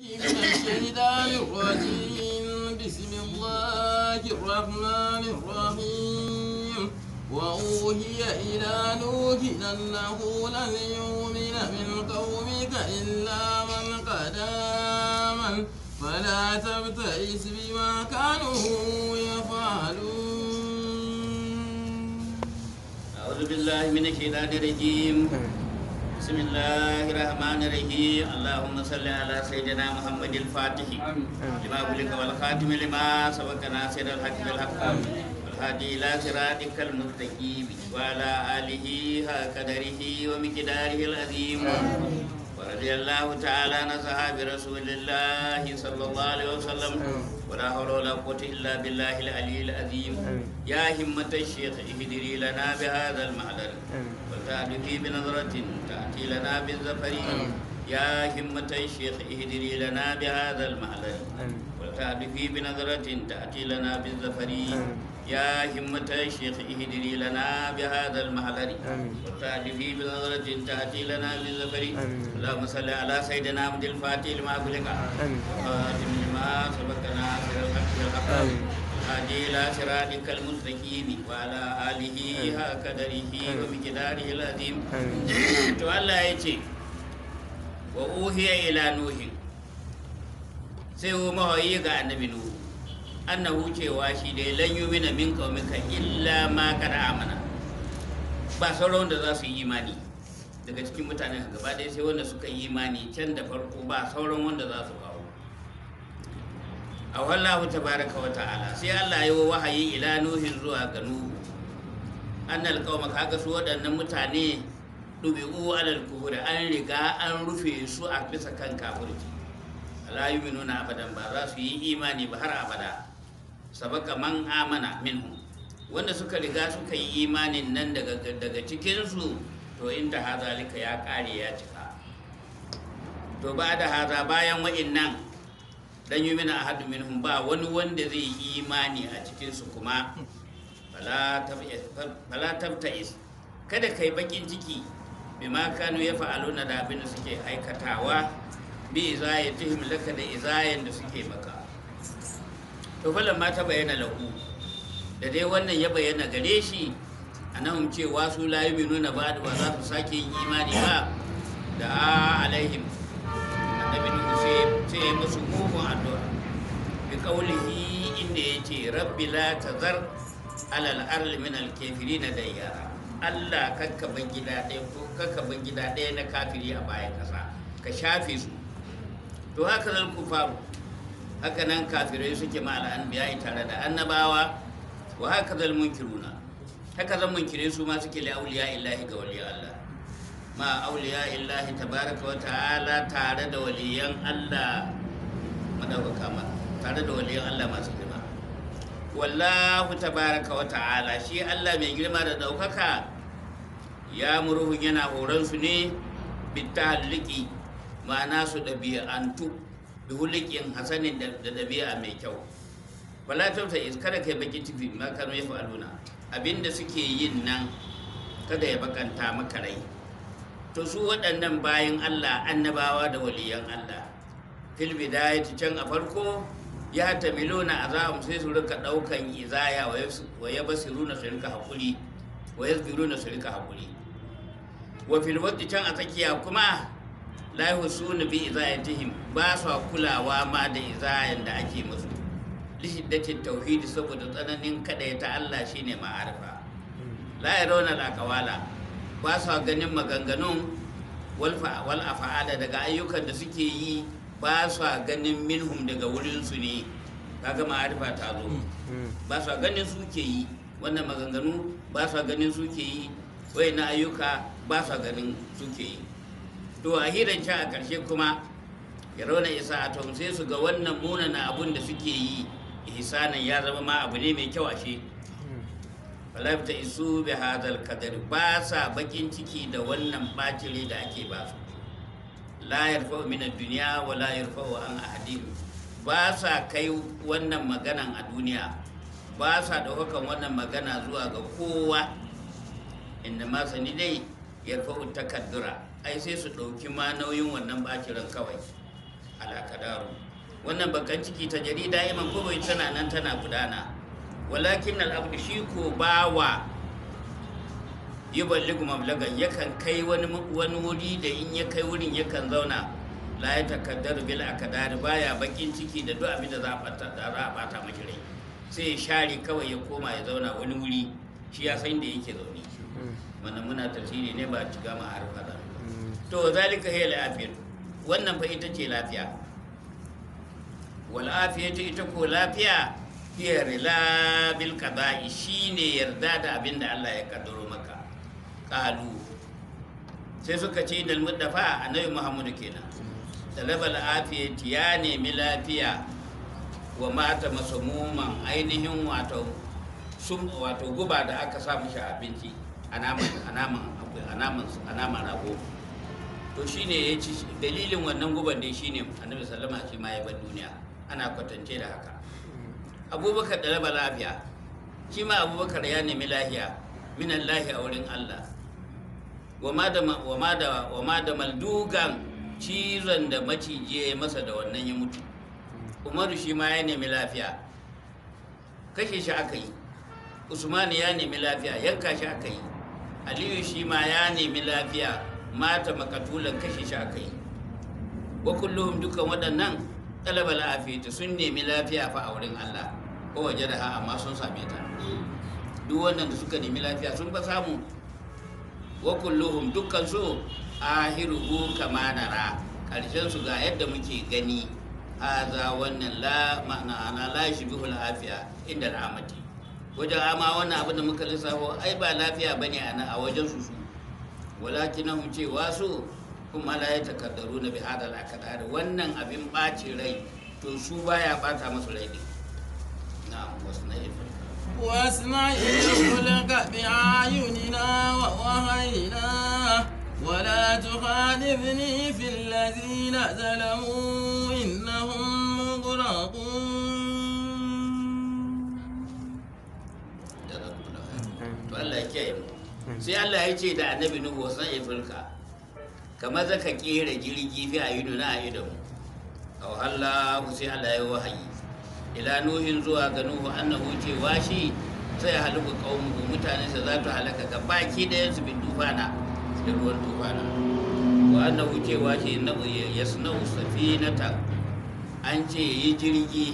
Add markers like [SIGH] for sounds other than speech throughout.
بسم الله الرحمن الرحيم وأوهي إلى نوح أنه لن يؤمن من قومك إلا من قد آمن فلا تبتئس بما كانوا يفعلون أعوذ بالله من الشيطان الرجيم بسم الله الرحمن الرحيم اللهم صل على سيدنا محمد الفاتح لما بلغ والخاتم لما سبق ناصر الحق بالحق والهادي الى صراطك المستقيم وعلى اله هكذا ومقداره العظيم رضي الله تعالى عن أصحاب رسول الله صلى الله عليه وسلم ولا حول ولا قوة إلا بالله العلي العظيم يا همة الشيخ اهدري لنا بهذا المعدل وتعرفي بنظرة تأتي لنا بالزفر يا همة الشيخ اهدري لنا بهذا المعدل وتعرفي بنظرة تأتي لنا بالزفر يا همة الشيخ اهدني لنا بهذا المحضر وتعدي بنظرة تأتي لنا بالذكر اللهم صل على سيدنا عبد الفاتح لما خلق خاتم لما سبقنا سر الحق والحق الهادي إلى صراطك المستقيم وعلى آله هكذره ومقداره العظيم تعالى يتي وأوهي إلى نوح sai mahoyi ga annabi Nuhu annahu cewa shi dai lan mina min qaumika illa ma qad amana ba sauran da za su yi imani daga cikin mutanen gaba ɗaya sai wanda suka yi imani can da farko ba sauran wanda za su kawo a wallahu tabaraka wa ta'ala sai Allah ya wahayi ila nuhin zuwa ga nuhu annal qauma kaga su waɗannan mutane dubi'u alal kufuri an riga an rufe su a bisa kan kafirci la yu'minuna abadan ba za su yi imani ba har abada sabaka man amana minhum wanda suka riga suka yi imanin nan daga cikinsu to inda hazalika ya kare ya cika to ba da haza bayan wa'innan dan yi mina ahadu minhum ba wani wanda zai yi imani a cikinsu kuma fala tabta'is kada kai bakin ciki ma kanu ya fa'aluna da abin da suke aikatawa bi izayatihim laka da izayen da suke maka to falan ma ta bayyana lahu da dai wannan ya bayyana gare shi nan cewa su layu mai nuna ba da ba za su sake yin imani ba da alaihim A nuhu sai ya musu mugun addu'a bi qaulihi inda yace rabbi la tazar alal arli min al na dayya Allah kakka bar gida ɗaya ɗaya na kafiri a bayan ƙasa ka shafe su to haka zan ku faru haka nan kafirai suke ma al'anbiya tare da annabawa wa haka zan munkiruna haka zan munkire su ma suke li auliya illahi ga waliya Allah ma auliya illahi tabaraka wa ta'ala tare da waliyan Allah madaukaka ma tare da waliyan Allah masu girma wallahu tabaraka wa ta'ala shi Allah mai girma da daukaka ya muruhu yana horon su ne bitahalliki ma'ana su ɗabi'antu bihulikin hasanin da dabi'a mai kyau wala tauta is kada kai baki tifi ma kanu ya fa'aluna abinda suke yin nan kada ya bakanta maka rai to su waɗannan bayan Allah annabawa da waliyan Allah fil bidayati can a farko ya tamiluna azam sai su rika daukan izaya wa basiruna su rika hakuri wa yasbiruna su rika hakuri wa fil waqti can a tsakiya kuma la suna bi izayatihim ba sa kulawa ma da izayen da ake musu lishiddatin tauhidi saboda tsananin kaɗai ta Allah shine ma'arifa la yarawna al ba sa ganin maganganun wal daga ayyukan da suke yi ba sa ganin minhum daga wurin su ne kaga ma'arifa ta zo ba sa ganin su ke yi wannan maganganu ba sa ganin su ke yi wayannan ayyuka ba sa ganin su ke yi to a hiran a ƙarshe kuma ya rauna isa a sai su ga wannan munana abun da suke yi ihsanin ya zama ma abu ne mai kyau ashe falaf ta isu bi hadal kadar ba sa bakin ciki da wannan bacire da ake ba su la yarfa'u min ad wa la yarfa'u an ahadin ba sa kai wannan maganan a duniya ba sa daukakan wannan magana zuwa ga kowa inda ma sani dai yarfa'u takaddura ai sai su ɗauki ma nauyin wannan bakiran kawai alakadaru wannan bakan ciki ta jarida iman kawai tana nan tana gudana walakin al'abdu shi ko bawa yi balligu lagan yakan kai wani wuri da in ya kai wurin yakan zauna la ya takaddar bil akadari baya bakin ciki da duk abin da za a bata rai sai ya share kawai ya koma ya zauna wani wuri shi ya san da yake zaune mm. wannan muna tafsiri ne ba a ciga ma harfa to zalika hiya lafiyatu wannan fa ita ce lafiya wal afiyatu ita ko lafiya hiya rila bil qada'i shine yarda da abin da Allah ya kaddaro maka qalu sai suka ce dal muddafa annabi Muhammadu kenan talabal afiyatu ya nemi lafiya wa mata masumuman ainihin wato sun wato guba da aka sa shi abinci a naman rago to shine ya ci dalilin wannan guban dai shine annabi sallama shi ma ya ban duniya ana kwatance da haka abubakar da raba lafiya shi ma abubakar ya nemi lahiya min lahi a wurin allah wa ma da maldugan cizon da maciji ya masa da wannan ya mutu umaru shi ma ya nemi lafiya kashe shi aka yi usmani ya nemi lafiya yanka shi aka yi aliyu shi ma ya nemi lafiya mata makatulan kashe shi aka yi wa kullum dukan waɗannan talaba lafiya sun nemi lafiya fa a wurin Allah ko waje da ha amma sun same ta duk wannan da suka nemi lafiya sun ba samu wa kulluhum dukkan su ahiruhu kama nara karshen su ga yadda muke gani haza wannan la ma'ana ana la shibihul lafiya inda al'amati wajen ama wannan abin da muka lissafo ai ba lafiya bane a wajen su su walakinahum ce wasu kuma la ya takaddaru na bi hada akadari wannan abin ɓaci rai to su baya ɓata musu rai ne na wasu na ifin wasu na yin kulka bi na wa wahayina wala tukhadibni lazi na zalamu sai Allah ya ce da annabi nuhu wasan ifirka kamar zaka kera jirgi fi ayyudu na ayyudu aw Allah sai Allah ya wahayi ila nuhin zuwa ga nuhu annahu ce washi sai halaka kaumu mutane sa za ta halaka ga baki da yansu bin tufana da ruwan tufana wa annahu ce washi innahu yasnau safinata an ce yi jirgi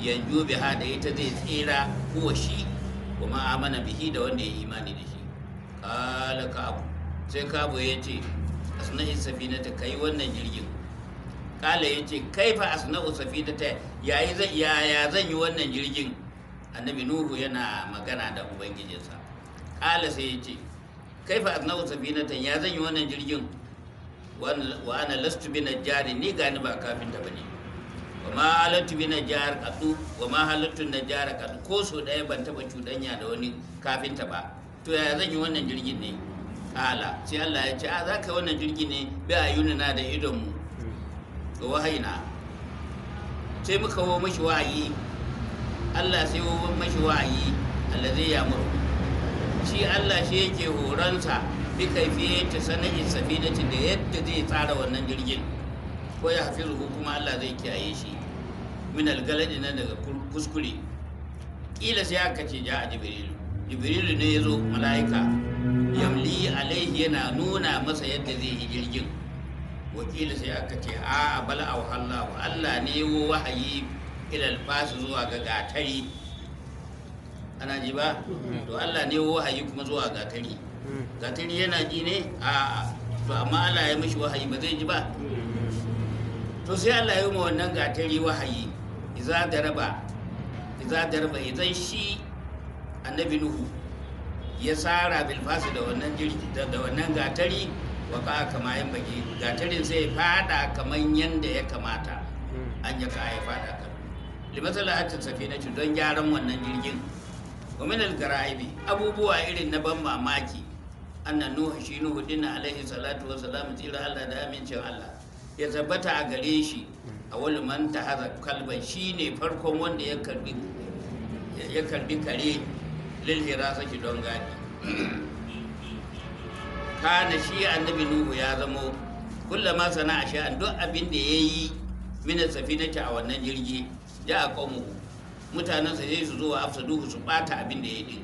yanzu bi hada ita zai tsira ko shi kuma amana bihi da wanda ya imani da shi kala kabu sai kabu ya ce asna safina ta kai wannan jirgin kala ya ce kai fa asna safina ta yayi zan yaya zan yi wannan jirgin annabi nuhu yana magana da ubangijinsa kala sai ya ce kai fa asna safina ta ya zan yi wannan jirgin wa ana lastu bi najjari ni gani ba kafin ta bane wa ma halattu bi najjar kadu wa ma halattu najjar qadu ko so daya ban taba cudanya da wani kafinta ba to ya zan yi wannan jirgin ne kala sai Allah ya ce a za ka wannan jirgin ne bi a na da idonmu ga wahayina sai muka wo mashi wa'ayi Allah sai wo mashi wa'ayi Allah zai ya muru shi Allah shi yake horonsa bi fiye ta sana'in safinati da yadda zai tsara wannan jirgin ko ya hafi kuma Allah zai kiyaye shi min algaladi na daga kuskure kila sai aka ce ja a jibrilu jibrilu ne ya zo mala'ika yamli alaihi yana nuna masa yadda zai yi jirgin wakili sai aka ce a bala a wahallahu allah ne wo wahayi ilal fasu zuwa ga gatari ana ji ba to allah ne wo wahayi kuma zuwa gatari gatari yana ji ne a to amma allah ya mishi wahayi ba zai ji ba to sai allah ya yi ma wannan gatari wahayi iza daraba iza daraba idan shi annabi nuhu ya tsara bilfasa da wannan da wannan gatari wa ka kama yin baki gatarin sai ya fada kamar yanda ya kamata hmm. an ya kaya fada kan limatsala hatta safina ci don gyaran wannan jirgin al garaibi abubuwa irin na ban mamaki annan nuhu shi nuhu dinna alaihi salatu wasalam tsira allah da amincin allah ya tabbata a gare shi hmm. a wani man ta haza kalban shi ne farkon wanda ya karbi kare lilhira saki don gadi [CLEARS THROAT] kana shi annabi nuhu ya zamo kullama sana'a sha'an duk abin da ya yi mina safinata a wannan jirgi ja a mutanen mutanensa zai su zo a duhu su bata abin da ya yi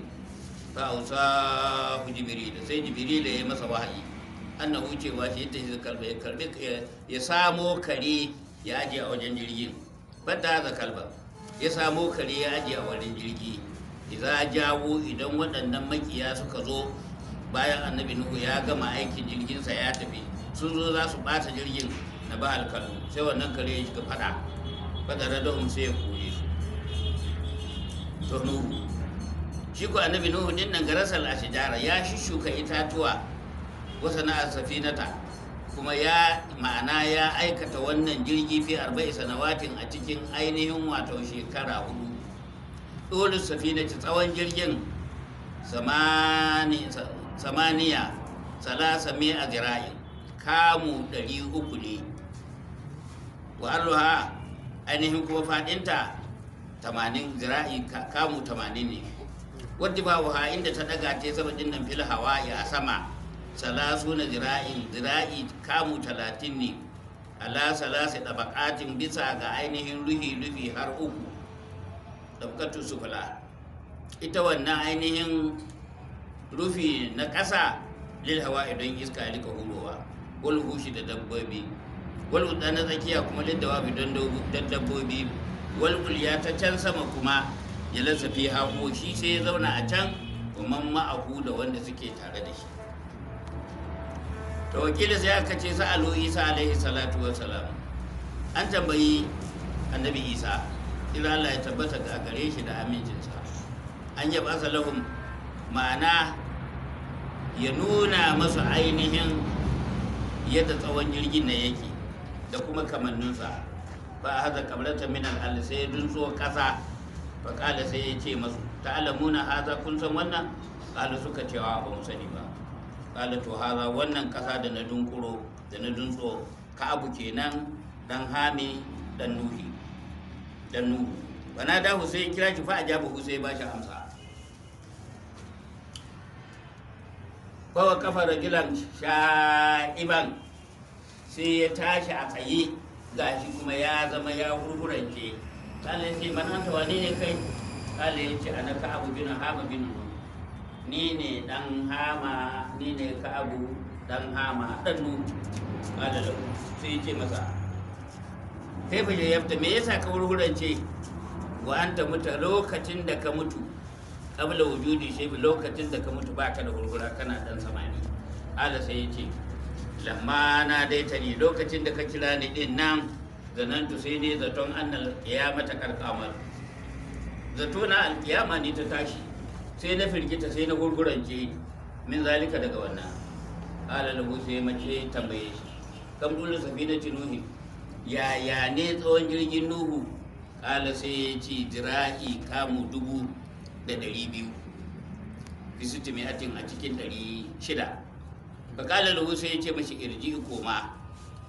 fa hausa ku da sai da ya masa wahayi annahu cewa shi ta shi kalba ya karbi ya samo kare ya ajiye a wajen jirgin fadda za kalba ya samo kare ya ajiye a wajen jirgin. a jawo idan waɗannan makiya suka zo bayan annabi nuhu ya gama aikin jirginsa ya tafi sun zo za su ɓata jirgin na ba alkalu sai wannan kare ya shiga fada fada da sai ya kore su to nuhu shi ko annabi nuhu din nan garasal ashjara ya shishuka itatuwa wasa na safinata kuma ya ma'ana ya aikata wannan jirgi fi arba'i sanawatin a cikin ainihin wato shekara hudu dole ci tsawon jirgin samaniya salasa mai a zira'in kamu ɗari uku ne wa'alluha ainihin kuma fadinta 80 zira'i kamu tamanin ne wadda ba wuha inda ta daga ta yi nan dinnan fil ya a sama salasu na zira'in zira'i kamu talatin ne ala da bakatin bisa ga ainihin ruhi rufi har uku ɗaukatu kula ita wannan ainihin rufi na ƙasa lil hawa idan iska rika hurowa wal hushi da dabbobi wal na tsakiya kuma lil dawabi don dabbobi wal ta can sama kuma ya lasafi fi hako shi sai ya zauna a can kuma ma'ahu da wanda suke tare da shi ta sai aka ce sa'alu isa alaihi salatu wa an tambayi annabi isa kira Allah ya tabbata ga gare shi da amincinsa an ba salahum ma'ana ya nuna masu ainihin yadda tsawon jirgin na yake da kuma kamanninsa ba haza kamrata min al sai dun so kasa fa kala sai ya ce masu ta'lamuna haza kun san wannan kala suka cewa ba mu sani ba kala to haza wannan kasa da na dunkuro da na dunso ka abu kenan dan hami dan nuhi dan nuhu bana dahu sai kira shi fa hu sai ba shi amsa wa kafa rajulan sha'iban sai ya tashi a tsaye gashi kuma ya zama ya hurhurance kala ya ce ta wane ne kai kala ya ce na ka'abu bin hama bin ni ne dan hama ni ne ka'abu dan hama dan Ba kala lahu sai ya ce masa kai fa yafta me yasa ka wurhurance wa anta muta lokacin da ka mutu kabla wujudi shaybi lokacin da ka mutu ba ka da hurhura kana dan samani ala sai yace lamma na ta ni lokacin da ka kira ni din nan to sai ne zaton annal ya mata karkamar zato na alkiyama ne ta tashi sai na firgita sai na gurgurance min zalika daga wannan ala lahu sai mace tambaye shi kam dole safina tinuhi yaya ne tsawon jirgin nuhu kala sai ya ce jirahi kamu dubu da ɗari biyu fisitu mi'atin a cikin ɗari shida kala lahu sai ya ce mashi irji koma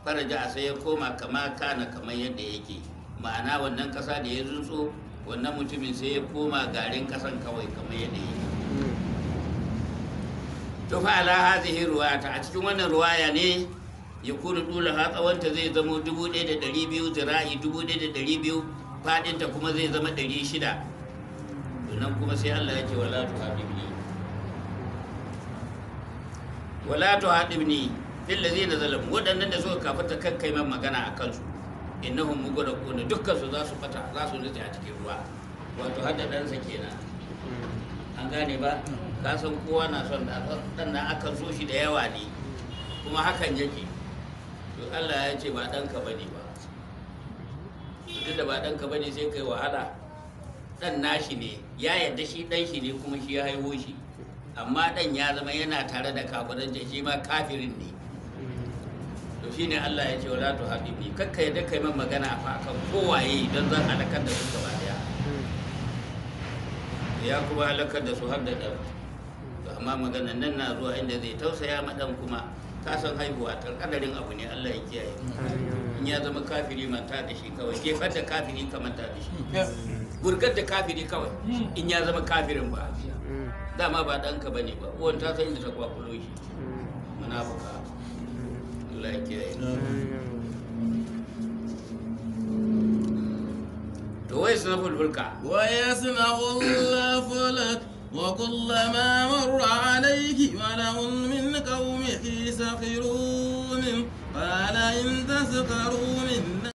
faraja a sai ya koma kama kana kamar yadda yake ma'ana wannan ƙasa da ya zunso wannan mutumin sai ya koma garin ƙasan kawai kamar yadda yake tufa ala ruwa ruwata a cikin wannan ruwaya ne ya kuru dula hatsawanta zai zama 1200 zira'i 1200 fadinta kuma zai zama 600 nan kuma sai Allah yake wala haɗi hadibni wala haɗi hadibni fil zai zalamu wadannan da suka ta kakkai man magana akan su innahum mughraqun dukkan su za su fata za su nutse a cikin ruwa wato hadda dan sa kenan an gane ba ka san kowa na son da dan nan akan so shi da yawa ne kuma hakan yake to Allah ya ce ba ɗanka ba ne ba duk da ba ɗanka ba ne sai kai wahala ɗan nashi ne ya yadda shi ɗan shi ne kuma shi ya haihu shi amma ɗan ya zama yana tare da kafirin shi ma kafirin ne to shi Allah ya ce wa latu habibi kakka yadda kai man magana fa kan kowaye don zan halakar da su gaba daya ya kuma halakar da su har da ɗan amma maganan nan na zuwa inda zai tausaya ma ɗan kuma ta san haihuwa ƙadarin abu ne Allah ya kiyaye in ya zama kafiri manta da shi kawai jefar da kafiri ka manta da shi gurgar da kafiri kawai in ya zama kafirin ba mm. dama ba ɗanka ba ne ba uwan ta san inda ta kwakulo shi mm. munafuka Allah ya kiyaye to wai suna fulfulka wai suna fulfulka ما مر عليه ملأ من قومه سخروا منه قال إن تسخروا منه